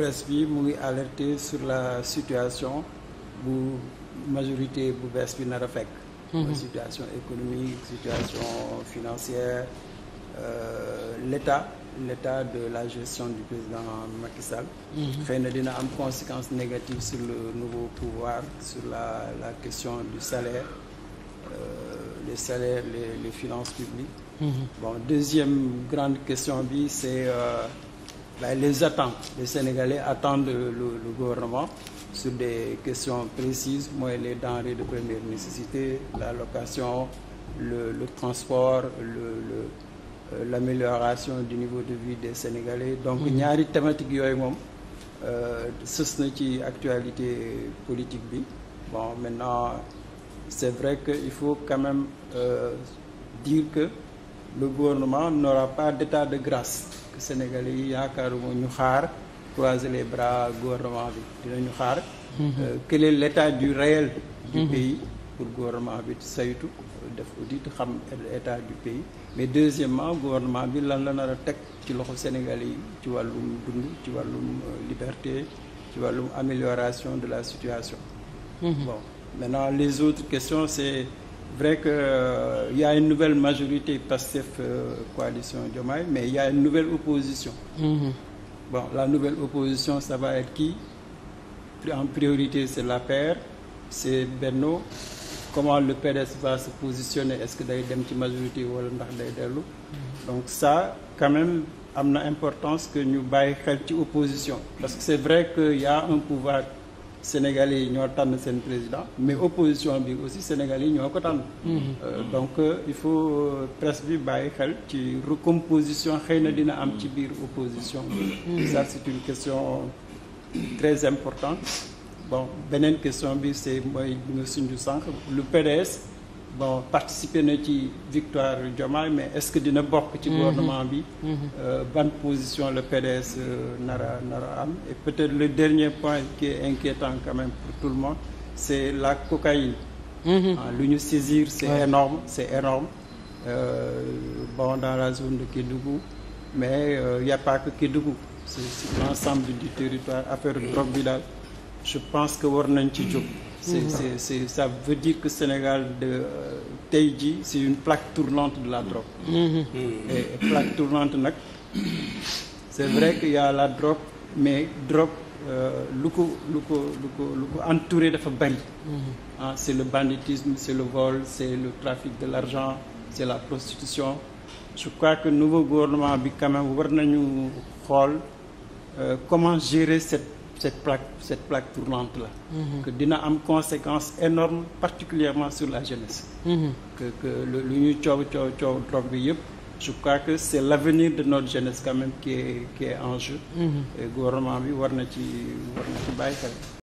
presse bi mu ngi alerter sur la situation bu majorité bu bees bi nar a fekk. Mhm. situation économique situation financière euh, l'état l'état de la gestion du président Macky Sall. Mhm. xëy na dina am conséquences négatives sur le nouveau pouvoir sur la la question du salaire euh, les salaires les les finances publiques. Mm deuxième grande question bi ben, les attentes. Les Sénégalais attendent le, le gouvernement sur des questions précises, mooy les denrées de première nécessité, la location, le, le transport, le, le, euh, l'amélioration du niveau de vie des Sénégalais. Donc mm-hmm. ñaari thématique yooyu moom euh, sës na ci actualité politique bi. Bon, maintenant c'est vrai que il faut quand même euh, dire que le gouvernement n'aura pas d'état de grâce. Sénégalais yi yaakaaruma ñu xaar croiser les bras gouvernement bi ñu xaar. Mhm. Euh, quel est l'état du réel. du mhm. pays pour gouvernement bi saytu def audit xam état du pays mais deuxièmement gouvernement bi lan la nar a teg ci loxo Sénégalais yi ci wàllum dund ci wàllum euh, liberté ci wàllum amélioration de la situation. Mhm. bon maintenant les autres questions c'est vrai que euh, y a une nouvelle majorité PASTEF euh, coalition Diomaye mais il y a une nouvelle opposition. Mmh. Bon, la nouvelle opposition ça va être qui? En priorité c'est l'APR, c'est Benno. Comment le PDS va se positionner? Est-ce que day dem ci majorité wala ndax day dellu? Mhm. Donc ça quand même am na importance que ñu bàyyi xel ci opposition parce que c'est vrai que y a un pouvoir sénégal yi ñoo tànn seen président mais opposition bi aussi sénégal yi ñoo ko tànn. Mm-hmm. Euh, donc euh, il faut euh, presse bi bàyyi xel ci recomposition xëy na dina am ci biir opposition. Mm-hmm. ça c'est une question très importante bon beneen question bi c'est mooy bi nga suñu sànq lu PDS. bon participer na ci victoire Diomaye mais est-ce que dina bokk ci mhm. gouvernement bi mhm. euh, ban position le PDS euh, nara nara am et peut-être le dernier point qui est inquiétant quand même pour tout le monde c'est la cocaïne mhm. ah, lu ñu saisir c'est énorme c'est énorme euh, bon dans la zone de Kédougou mais euh, y a pas que Kédougou c'est l'ensemble du territoire affaire drogue bi daal je pense que war nañ ci jóg Mhm. c'est c'est ça veut dire que Sénégal de euh, tey jii c'est une plaque tournante de la drogue. Mhm. Mhm. et plaque tournante nag c'est vrai que y a la drop mais drogue euh, lu ko lu ko lu ko lu ko entouré dafa bari. ah c'est le banditisme c'est le vol c'est le trafic de l'argent c'est la prostitution je crois que nouveau gouvernement bi quand war nañu xool euh, commence gérer cette. cette plaque cette plaque tournante la mm-hmm. que dina am conséquence énorme particulièrement sur la jeunesse. Mm que que lu ñuy coow coow coow drogue bi yëpp. je crois que c'est l'avenir de notre jeunesse quand même qui est qui mm-hmm. gouvernement bi war na ci war na ci bàyyi xel.